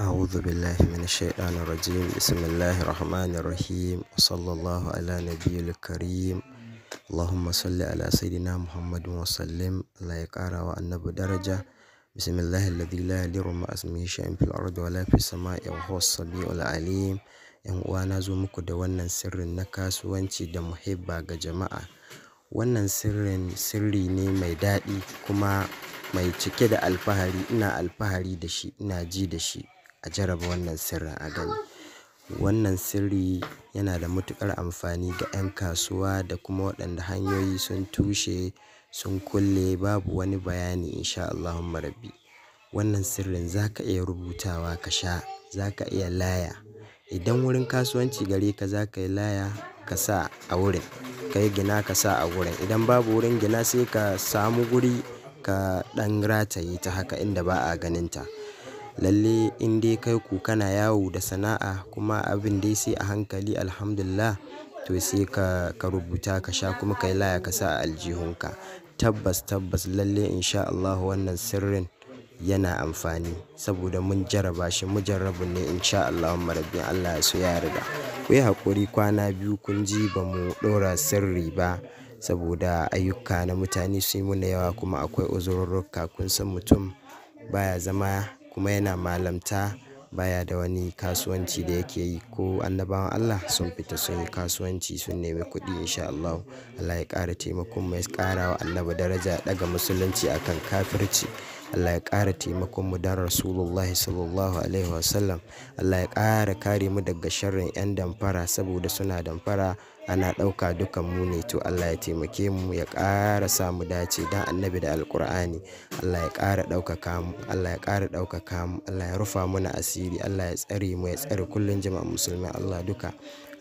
أعوذ بالله من الشيطان الرجيم بسم الله الرحمن الرحيم وصلى الله على نبي الكريم اللهم صل على سيدنا محمد وسلم لا يقارى وأنب درجة بسم الله الذي لا يدر ما اسمه شيء في الأرض ولا في السماء وهو السميع العليم yan uwa na zo muku da wannan sirrin na kasuwanci da muhibba ga jama'a wannan sirrin sirri ne mai daɗi kuma mai cike da alfahari ina alfahari da shi ina ji da shi a jaraba wannan sirrin a gani. Wannan sirri yana da matukar amfani ga 'yan kasuwa da kuma waɗanda hanyoyi sun tushe, sun kulle babu wani bayani insha'Allah sha Allahumma rabbi. Wannan sirrin za ka iya rubutawa ka sha, za ka iya laya. Idan wurin kasuwanci gare ka za ka yi laya ka sa a wurin, ka yi gina ka sa a wurin. Idan babu wurin gina sai ka samu guri ka ɗan rataye ta haka inda ba a ganinta. Lalle in dai kai ku kana yawo da sana'a kuma abin dai sai a hankali Alhamdulillah to sai ka, ka rubuta ka sha kuma ka yi laya ka sa a aljihunka. Tabbas tabbas lalle in sha wannan sirrin yana amfani saboda mun jarraba shi. mujarrabu ne in sha Allahumma Allah ya so ya riga Ku yi haƙuri kwana biyu kun ji ba mu ɗora sirri ba saboda ayyuka na mutane sun yi muna yawa kuma akwai uzururruka. Kun san mutum baya zama. kuma yana malamta baya da wani kasuwanci da yake yi ko annabawan Allah sun fita sun yi kasuwanci sun nemi kuɗi insha Allah Allah ya ƙara taimakon mai ƙarawa ƙara daraja daga musulunci akan kafirci. Allah ya ƙara taimakon mu dan Rasulullah sallallahu alaihi wasallam Allah ya kara kare mu daga sharrin 'yan damfara saboda suna damfara ana ɗauka dukan mu ne to Allah ya taimake mu ya ƙara sa mu dace dan annabi da alkur'ani Allah ya ƙara ɗaukaka mu Allah ya ƙara ɗaukaka mu Allah ya rufa mana asiri Allah ya tsare mu ya tsare kullun jama'a musulmi Allah duka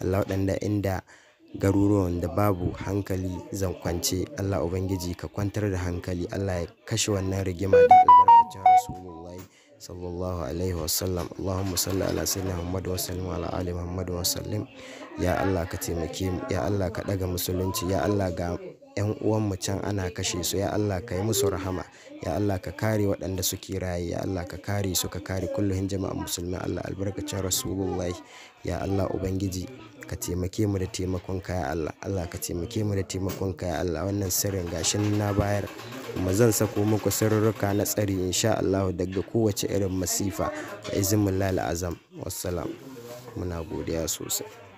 Allah waɗanda inda garuruwan da babu hankali zan kwance Allah Ubangiji ka kwantar da hankali Allah ya kashe wannan rigima da albarkacin Rasulullahi sallallahu alaihi wasallam Allahumma salli ala sayyidina Muhammad wa sallim ala ali Muhammad wa sallim ya Allah ka taimake mu ya Allah ka daga musulunci ya Allah ga 'yan uwan mu can ana kashe su ya Allah ka yi musu rahama ya Allah ka kare waɗanda suke raye ya Allah ka kare su ka kare kullum jama'an musulmi Allah albarkacin rasulullahi ya Allah ubangiji ka taimake mu da taimakon ka ya Allah Allah ka taimake mu da taimakon ka ya Allah wannan sirrin gashin na bayar kuma zan sako muku sirruka na tsari insha Allah daga kowace irin masifa da izinin lal wassalam muna godiya sosai